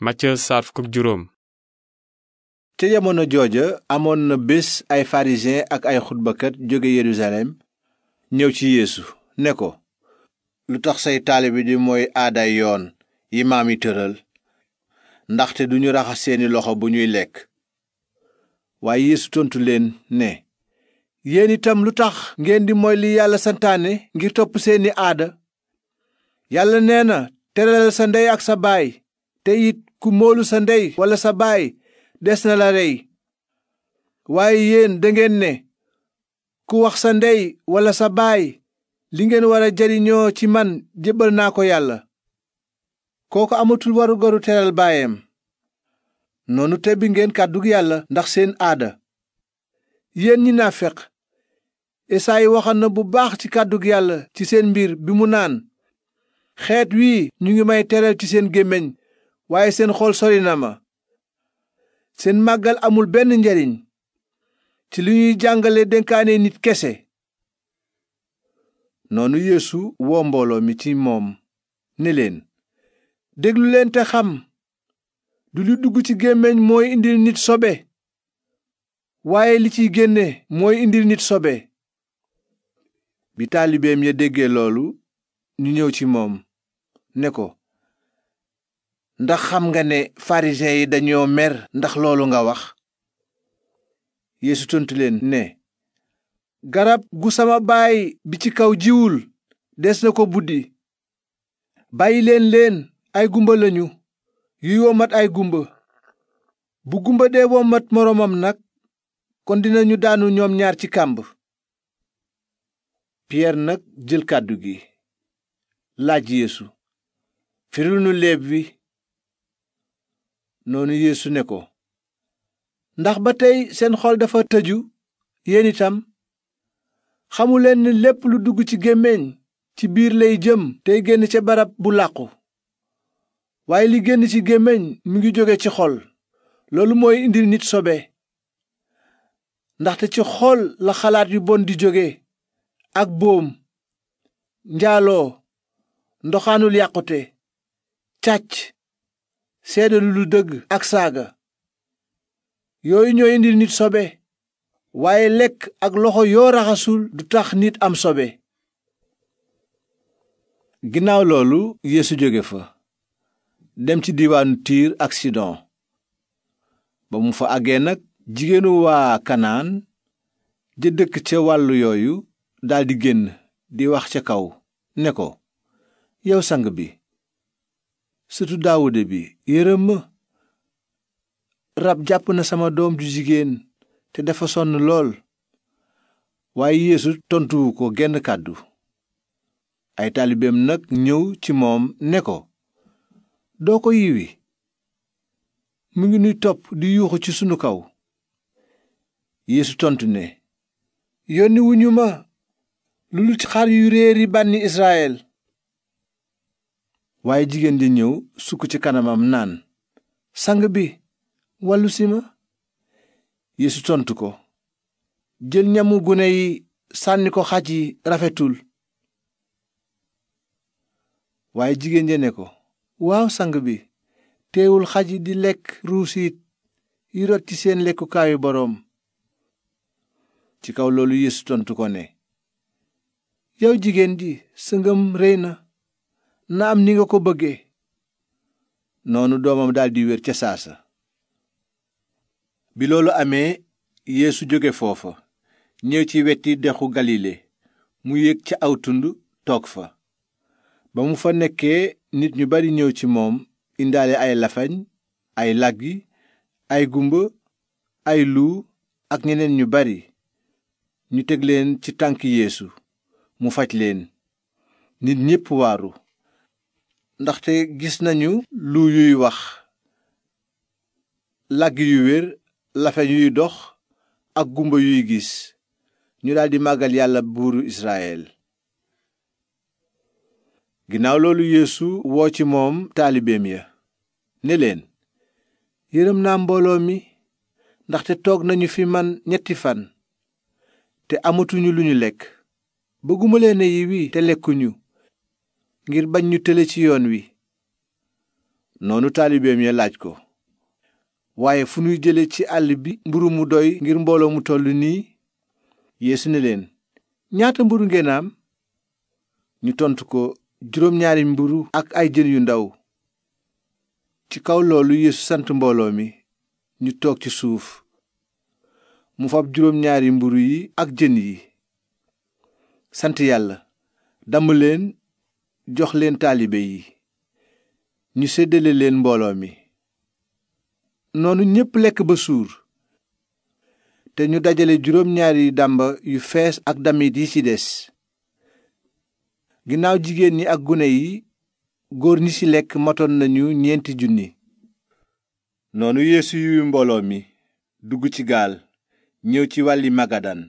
Matthieu saar juróom ca jamono jooja amoon na bés ay pharisien ak ay xutbakat jóge Yerusalem ñëw ci yéesu ne ko lu tax say taalibe di mooy aaday yoon yi maam yi tëral ndaxte duñu raxas seeni loxo bu ñuy lekk waaye Yeesu tontu leen ne yéen itam lu tax ngeen di mooy li yàlla santaane ngir topp seeni aada yàlla nee na teralal sa ndey ak sa baay te it ku móolu sa ndey walla sa baay des na la rey waaye yéen dangeen ne ku wax sa ndey walla sa baay li ngeen war a jariñoo ci man jébbal naa ko yàlla kooku amatul warugaru teral baayam noonu tebbi ngeen kàddug yàlla ndax seen aada yéen ñi naafeq esaayi waxoon na bu baax ci kàddug yàlla ci seen mbir bi mu naan xeet wii ñu ngi may teral ci seen gémmiñ waaye seen xool sori na ma seen màggal amul benn njariñ ci li ñuy jàngale dénkaane nit kese noonu yeesu woo mbooloo mi ci moom ne leen déglu leen te xam du lu dugg ci gémmiñ mooy indil nit sobe waaye li ciy génne mooy indil nit sobe bi taalibeem ya déggee loolu ñu ñëw ci moom ne ko ndax xam nga ne farisiyen yi dañoo mer ndax loolu nga wax yeesu tontu leen ne garab gu sama baay bi ci kaw jiwul des na ko buddi bàyyi leen leen ay gumba lañu yuy womat ay gumba bu gumba dee womat moroomam nag kon dinañu daanu ñoom ñaar ci kàmb piyeer nag jël kàddu gi laaj yeesu firil nu wi noonu yeesu ne ko ndax ba tey seen xol dafa tëju yéen itam xamuleen ni lépp lu dugg ci gémmiñ ci biir lay jëm tey génn ce barab bu làqu waaye li génn ci gémmiñ mu ngi jóge ci xol loolu mooy indi nit sobe ndaxte ci xol la xalaat yu bon di jóge ak boom njaaloo ndoxaanul yàqute càcc seede lu dëgg ak saaga yooyu ñoo indil nit sobe waaye lekk ak loxo yoo raxasul du tax nit am sobe ginnaaw loolu yéesu jóge fa dem ci diiwaanu tiir ak sidon ba mu fa àggee nag jigéenu waa kanaan ja dëkk ca wàllu yooyu daldi génn di wax ca kaw ne ko yow sang bi sëtu daawude bi yërëm ma rab jàpp na sama doom ju jigéen te dafa sonn lool waaye yéesu tontuwu ko genn kàddu ay taalibeem nag ñëw ci moom ne ko doo ko yiwi mu ngi nuy topp di yuuxu ci sunu kaw yeesu tontu ne yónni ma lu lu xar yu réeri bànni israel waaye jigéen ji ñëw sukk ci kanamam naan sang bi wàllu si ma yeesu tontu ko jël ñamu gune yi sànni ko xaj yi rafetul waaye jigéen ja ne ko waaw sang bi teewul xaj yi di lekk ruusiit yi rot ci seen lekkukaayu boroom ci kaw loolu yeesu tontu ko ne yow jigéen ji sëngam ngëm réy na naam ni nga ko bëggee noonu doomam daldi wér ca saasa bi loolu amee yéesu jóge foofa ñëw ci weti dexu galile mu yéeg ca aw tund toog fa ba mu fa nekkee nit ñu bari ñëw ci moom indaale ay lafañ ay làggi ay gumba ay luu ak ñeneen ñu bari ñu teg leen ci tànk yeesu mu faj leen nit ñépp waaru ndaxte gis nañu lu yuy wax làgg yu wér yuy dox ak gumba yuy gis ñu daldi màggal yàlla buuru israel ginnaaw loolu yeesu woo ci moom taalibeem ya ni leen yërëm naa mbooloo mi ndaxte toog nañu fi man ñetti fan te amatuñu lu ñu lekk bëgguma leen a yiwi te lekkuñu ngir bañ ñu tële ci yoon wi noonu taalibeem ya laaj ko waaye fu ñuy jële ci àll bi mburu mu doy ngir mbooloo mu toll nii yeesu ne leen ñaata mburu ngeen ñu tontu ko juróom ñaari mburu ak ay jën yu ndaw ci kaw loolu yeesu sant mbooloo mi ñu toog ci suuf mu fab juróom ñaari mburu yi ak jën yi sant yàlla damm leen jox leen taalibe yi ñu seddale leen mbooloo mi noonu ñépp lekk ba suur te ñu dajale juróom ñaari dàmba yu fees ak damit yi ci des ginnaaw jigéen ñi ak gune yi góor ñi ci lekk matoon nañu ñeenti junni noonu yeesu yuyu mbooloo mi dugg ci gaal ñëw ci wàlli magadan